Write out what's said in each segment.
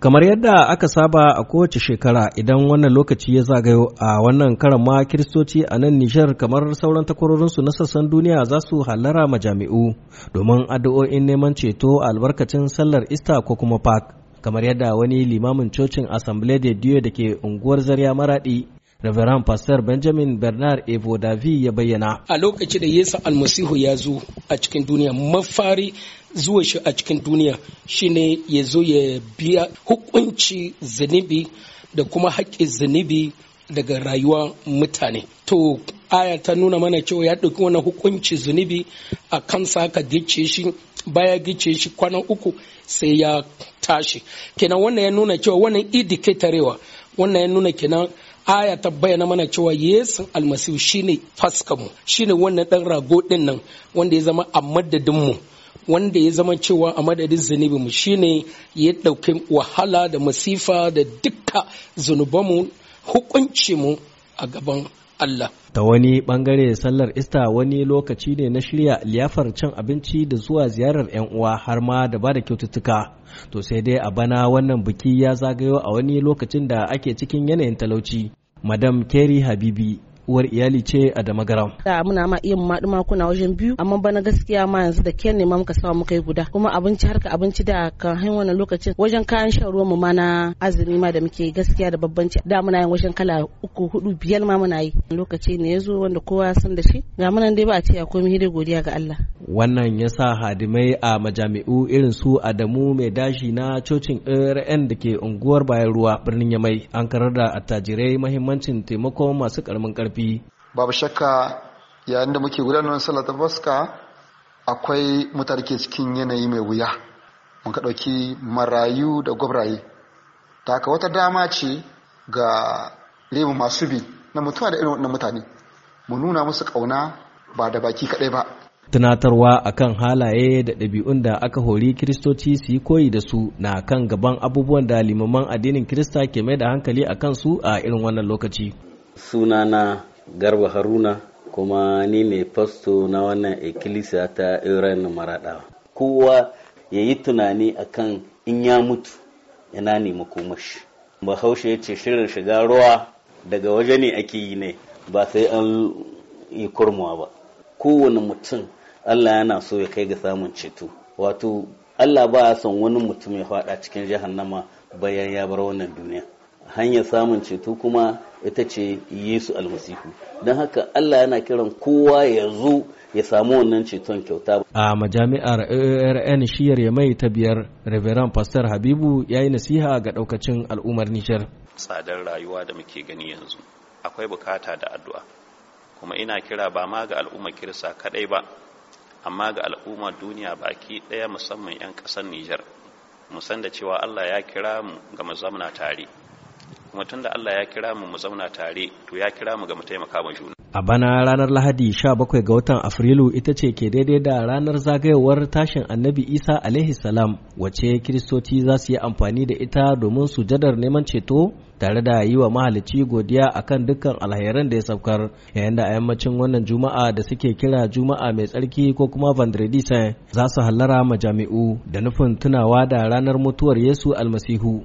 Kamar yadda aka saba a kowace shekara idan wannan lokaci ya zagayo a wannan karan ma kiristoci a nan Nijar kamar sauran takwarorinsu na sassan duniya za su hallara majami'u domin addu'o'in neman ceto albarkacin sallar Ista ko kuma park Kamar yadda wani limamin cocin Assemblée de Dieu da ke unguwar Zarya Maradi Reverend Pastor Benjamin Bernard Evo Davi ya bayyana. A lokacin da Yesu almasihu ya zo a cikin duniya mafari zuwa shi a cikin duniya shine ya zo ya biya hukunci zunubi da kuma haƙƙin zunubi daga rayuwa mutane. To aya ta nuna mana cewa ya ɗauki wani hukunci zunubi a kansa saka gice shi baya gice shi kwanan uku sai ya tashi. Kenan wannan ya nuna cewa wannan idiketarewa wannan ya nuna kenan aya ta bayyana mana cewa Yesu almasihu shine faskamu shine wannan dan rago din nan wanda ya zama a madadin mu wanda ya zama cewa a madadin zunubi mu shine ya dauki wahala da masifa da duka zunubanmu hukunci mu a gaban Allah. Da wani bangare sallar ista wani lokaci ne na shirya liyafar cin abinci da zuwa ziyarar 'yan uwa har ma da ba da kyaututtuka. To sai dai a bana wannan biki ya zagayo a wani lokacin da ake cikin yanayin talauci madam kerry habibi uwar iyali ce a damagaram da muna ma iya maɗu makuna wajen biyu amma bana gaskiya ma yanzu da kyan ne ma muka samu muka yi guda kuma abinci harka abinci da kan hanyar wannan lokacin wajen kayan shan ruwan mu ma na azumi ma da muke gaskiya da babbanci da muna yin wajen kala uku hudu biyar ma muna yi lokaci ne ya zo wanda kowa ya san da shi ga munan dai ba a ce akwai hidai godiya ga Allah wannan ya sa hadimai a majami'u irin su Adamu mai dashi na cocin ARN da ke unguwar bayan ruwa birnin Yamai an karar da attajirai mahimmancin taimakon masu karamin karfi tafi babu shakka yayin da muke gudanar salla ta Faska, akwai mutarke cikin yanayi mai wuya mun ka ɗauki marayu da gwabraye ta haka wata dama ce ga lemu masu bi na mutuwa da irin waɗannan mutane mu nuna musu ƙauna ba da baki kaɗai ba tunatarwa akan halaye da ɗabi'un da aka hori kiristoci su yi koyi da su na kan gaban abubuwan da limaman addinin kirista ke mai da hankali a kansu a irin wannan lokaci sunana garba haruna kuma ni ne fasto na wannan ikkilisiya ta iran maradawa kowa ya yi tunani akan in ya mutu yana ne makomashi bahaushe ya ce shirin shiga ruwa daga waje ne ake yi ne ba sai an yi kurmuwa ba kowane mutum allah yana so ya kai ga samun ceto wato allah ba a son wani mutum ya faɗa cikin jihar nama bayan ya bar wannan duniya hanyar samun ceto kuma ita ce Yesu almasihu don haka Allah yana kiran kowa ya zo ya samu wannan ceton kyauta a majami'ar ARN shiyar ya mai ta biyar Reverend Pastor Habibu ya yi nasiha ga daukacin al'ummar Nijar tsadar rayuwa da muke gani yanzu akwai bukata da addu'a kuma ina kira ba ma ga al'ummar kirsa kadai ba amma ga al'ummar duniya baki daya musamman 'yan ƙasar Nijar musan da cewa Allah ya kira mu ga mu tare kuma da Allah ya kira mu mu zauna tare to ya kira mu ga mu taimaka ma juna a bana ranar lahadi 17 ga watan afrilu ita ce ke daidai da ranar zagayowar tashin annabi isa alaihi salam wace kiristoci za su yi amfani da ita domin sujadar neman ceto tare da yi wa mahalicci godiya akan dukkan alheran da ya saukar yayin da a yammacin wannan juma'a da suke kira juma'a mai tsarki ko kuma vendredi saint za su hallara majami'u da nufin tunawa da ranar mutuwar yesu almasihu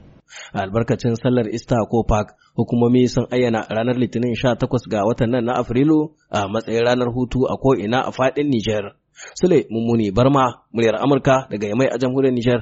A albarkacin sallar ista ko park hukumomi sun ayyana ranar litinin sha takwas ga watan nan na afrilu a matsayin ranar hutu a ko ina a fadin niger sule mummuni barma muryar amurka daga yamai a jamhuriyar niger